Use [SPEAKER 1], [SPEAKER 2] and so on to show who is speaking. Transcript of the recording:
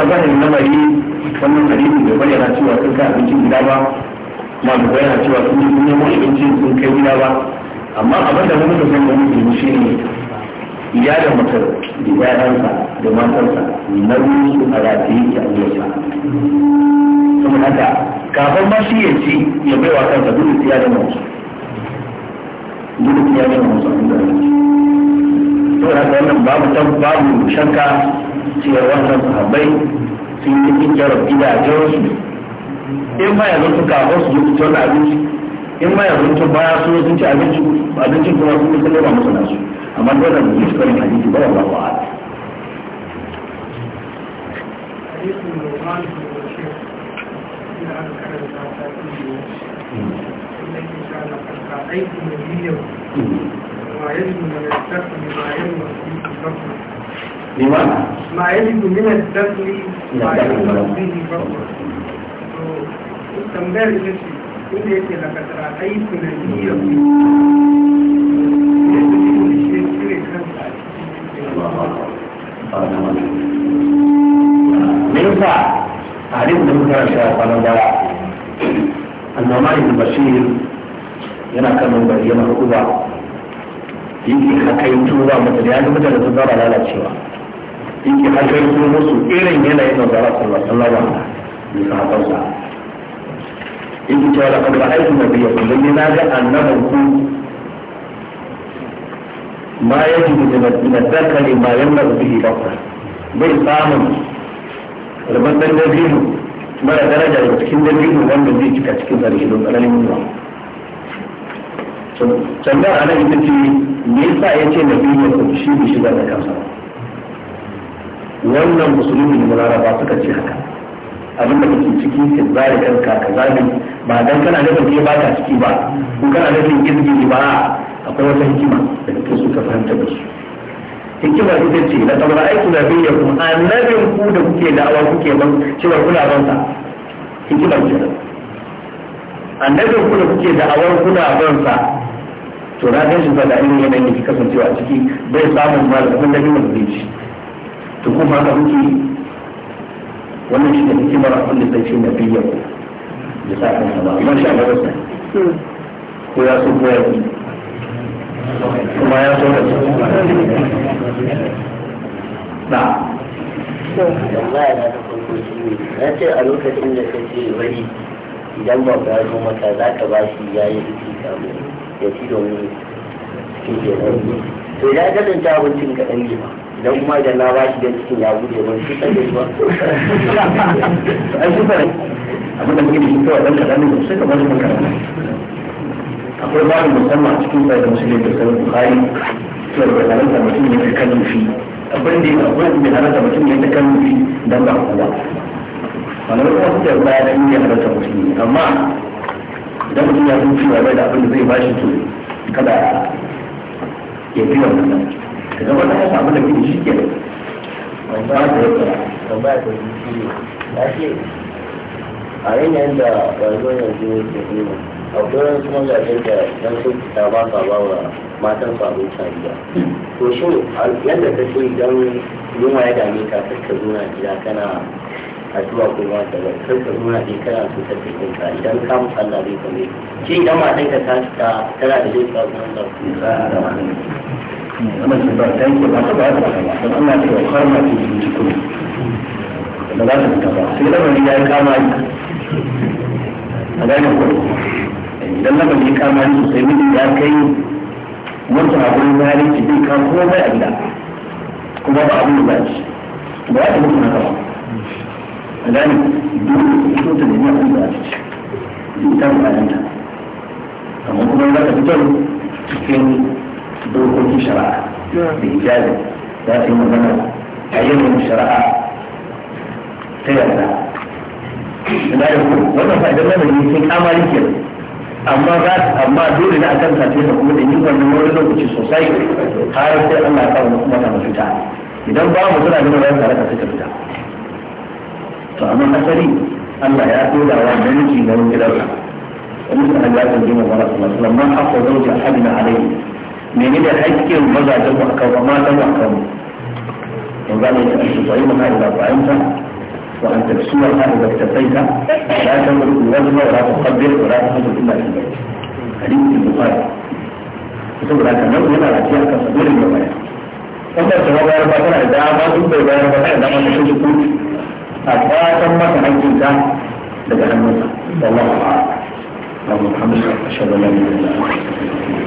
[SPEAKER 1] gaskiya zahirin lamari wannan hadisi bai bayyana cewa sun kai abincin gida ba ma bai bayyana cewa sun yi sun nemo abincin sun kai gida ba amma abin da muka san da muke shi ne iyalin mutum da yaransa da matarsa na su a rataye ke abuwarsa kuma haka kafin ma shi ya ci ya bai wa kansa dole su yaran wasu dole su yaran wasu abin da ya ci to haka wannan babu babu shakka cewa wannan sahabbai sun yi cikin kinjarar gidajensu in ma yanzu su kafa su yi fitar abinci in ma yanzu tun baya su sun ci abinci abincin kuma sun yi kusa nema musu nasu amma dole mu yi cikin hadisi ba wallahu a'lam أيكم اليوم ويجب أن يستخدم ما يلوى في الفضل ما ما يلد من الدخل في يلد فيه فقر ينفع تعريف المنكر الشيطان الضياع أن مالك البشير ينا كما يبين هو في حكايته ذا متريان ومتى لتضرب على الأشياء in ki hadarto musu irin yanayin da zara sallallahu alaihi wasallam ne sahabansa in ki tawala kan ra'aytu nabiyya sallallahu alaihi wasallam annaban ku ma ya yajibu min ad-dakari ma yamnazu bihi bakra bai samun rabatan dabino mara daraja daga cikin dabino wanda zai cika cikin sarki don tsananin yunwa sannan a nan ita ce me yasa ya ce na nabiyya ku shi bai shiga da kansa wannan musulmi ne ba suka ce haka abin da kake ciki ka zare kanka ka zare ba dan kana da kake ba ka ciki ba ko kana da kake kirki ba akwai wata hikima da kake so ka fahimta da su hikima ita ce na tabar aiki na bayyana ku annabin ku da kuke da'awa kuke ban cewa kuna ban sa hikima ce annabin ku da kuke da'awar kuna ban sa to na gan shi ba da irin yanayin da ke kasancewa ciki bai samun ba da kuma da biyu da zai ci to kuma haka muke wannan shi ne hikimar abin da sai ce na biyar da sa kan ba, amma sha ba sai ko ya so ko ya ki kuma ya so da na na ce a lokacin da kake wani idan ba ka zo maka za ka ba shi ya yi rufi kamun ya ci domin cikin kenan to ya gadanta abincin kaɗan ne ba idan kuma idan na ba shi da cikin ya bude ba shi kan da ba ai super abin da muke da shi kawai dan kadan ne sai ka bari mun karanta akwai babu musamman cikin sai da musulmi da sai bukhari to da karanta mutum ne kan shi abin da ya akwai da karanta mutum ne kan shi dan ba kowa wannan kuma suke baya da ya karanta musulmi amma idan mutum ya zuciya bai da abin da zai shi to kada ya fi wannan ka zama na ya samu da gini shi ke ba da ya a yanayin da rayuwar yanzu ke nuna akwai wani kuma zaɓe da ɗan su ta ba ka ba wa matan su abin sa gida to shi yadda ka ce idan yunwa ya dame ka kar ka zuna gida kana addu'a ko ma da ba kar zuna kana so ta ce kanka idan ka musalla zai kame shi idan matan ka ta tana da zai tsawon da ku za a rama مثل بارتين كل أخذ عدد خلاص أما في أخر ما في تكون ثلاثة تفاصيل من هي كامل هذا يقول إذا لم يكن كامل سيمين إذا كي مرتع أقول ذلك في كان هو ما أدلع كما بعضهم باش ما يجب أن نتوقع الآن دون الشروط اللي نعمل باش يتم على أنت أما كما لا تفتر في دور كل شرعة بإجازة ذات المدنة تعيين الشرعة سيئة لا يقول والله فإذا ما من يسيك أما لكي أما ذات أما دور إذا أتمتع في حكومة إن يكون نمور لهم كي سوسي خارج سيئة الله أكبر مصمتها مفتاة إذا مبارا مصنع جنة لا يسعر لك سيئة فأما أسري الله يأتي إلى أرام منك إذا ومسنا أجلات الجنة ورسول الله صلى الله عليه وسلم أحدنا عليه menene haƙƙin mazajen mu akan ba matan mu akan mu in ba ne ta tsayi mu kai da fa'inta wa an tafsira ta da tafaita la ta mulku wa la ta taqdir wa la ta hadu illa billah hadisi bukhari saboda haka nan yana da tiyar kansa dole ne baya kuma ta ba bayar ba tana da dama duk bai bayar ba tana da dama ta shi kuɗi a kwatan masa haƙƙinta daga hannunsa wallahu a'lam اللهم محمد اشهد ان لا اله الا انت